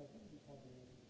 Versuchen Sie von dem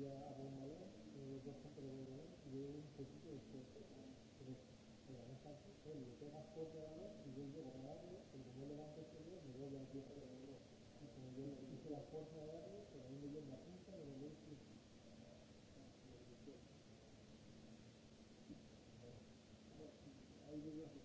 ya abundado eh, yo siempre un poquito de pero le pega fuerte a la y yo llego a pero como le levanto me a tierra de y como yo le hice la fuerza darle pero a mí me dio una ahí yo ya se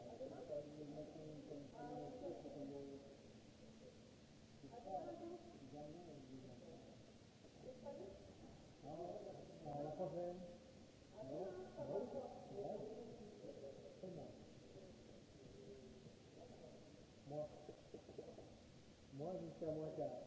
Siamo a casa.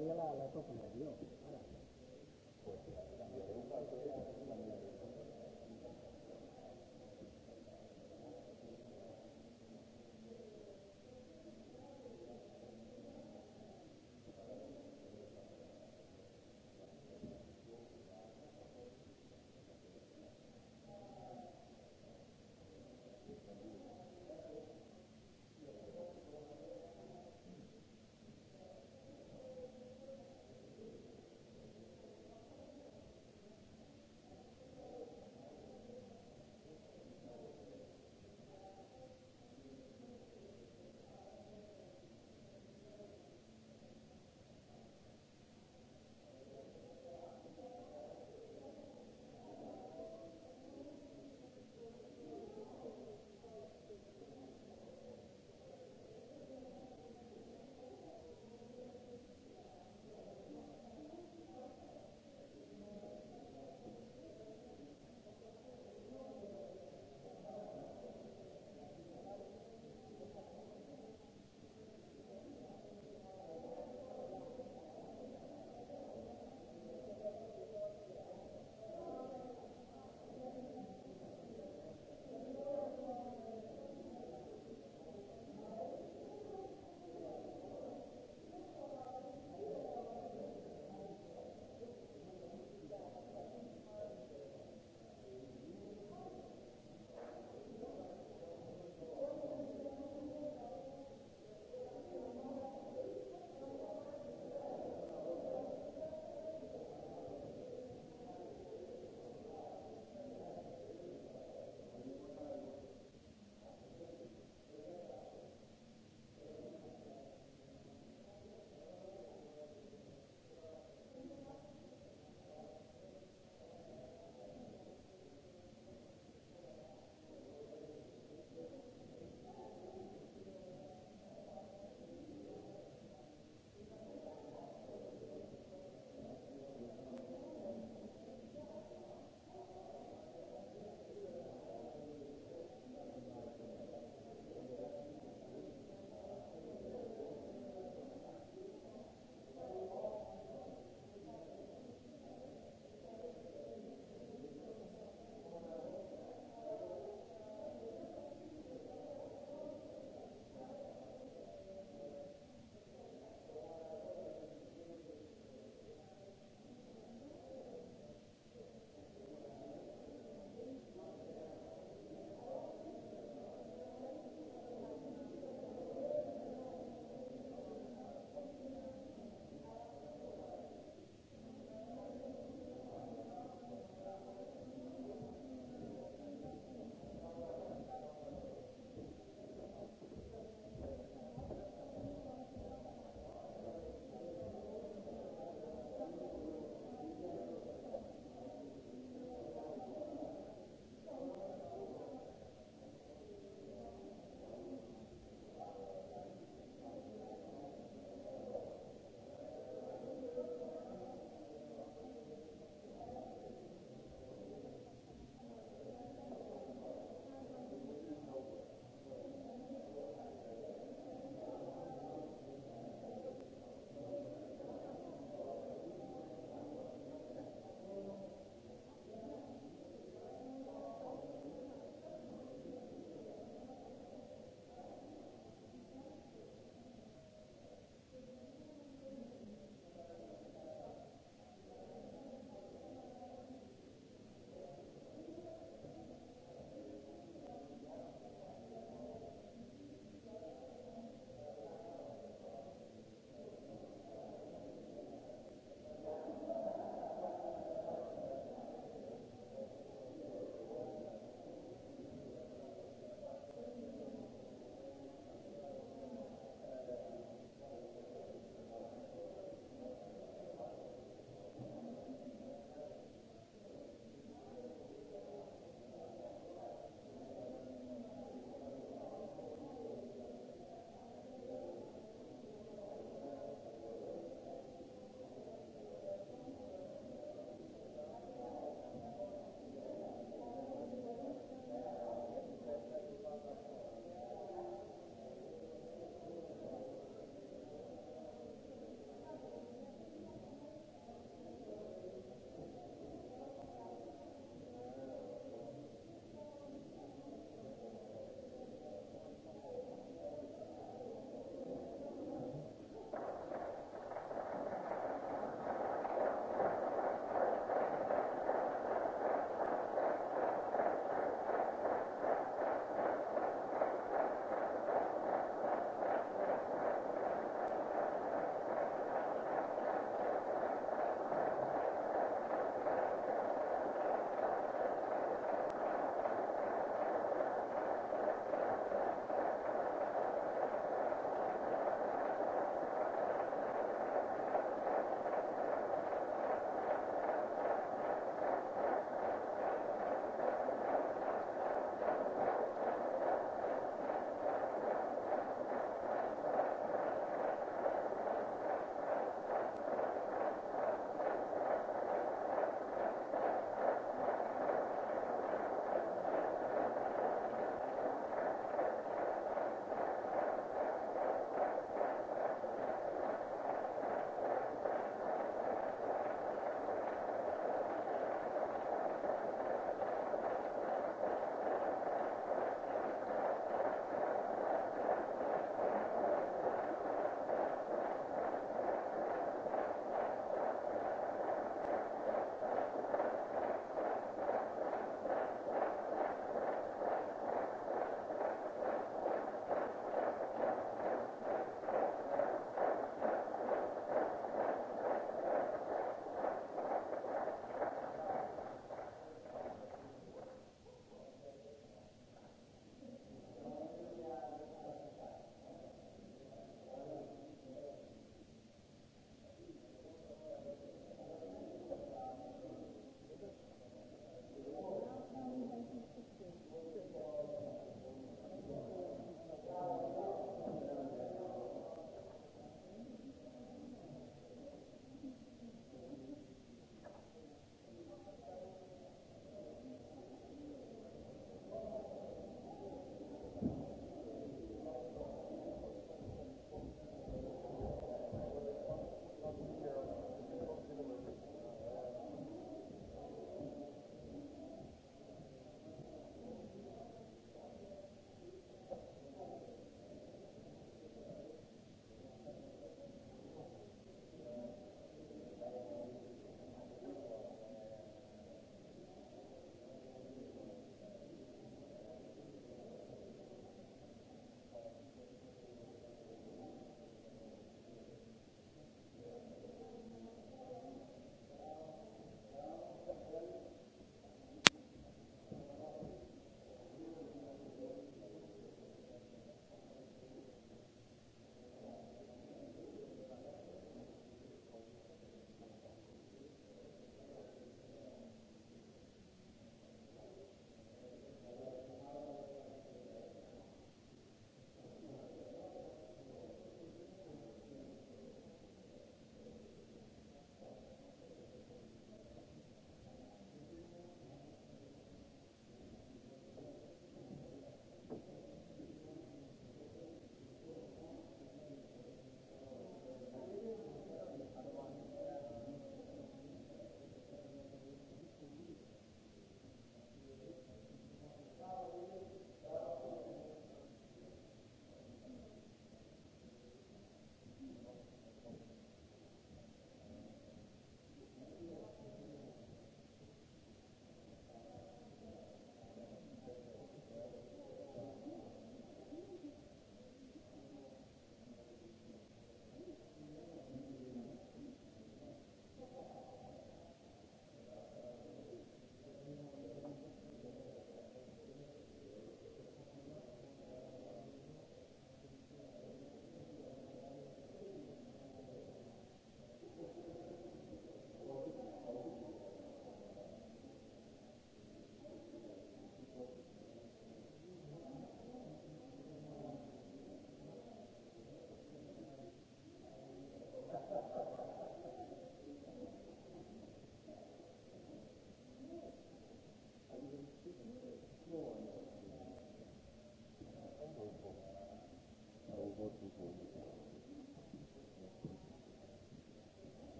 daría la, la, la, la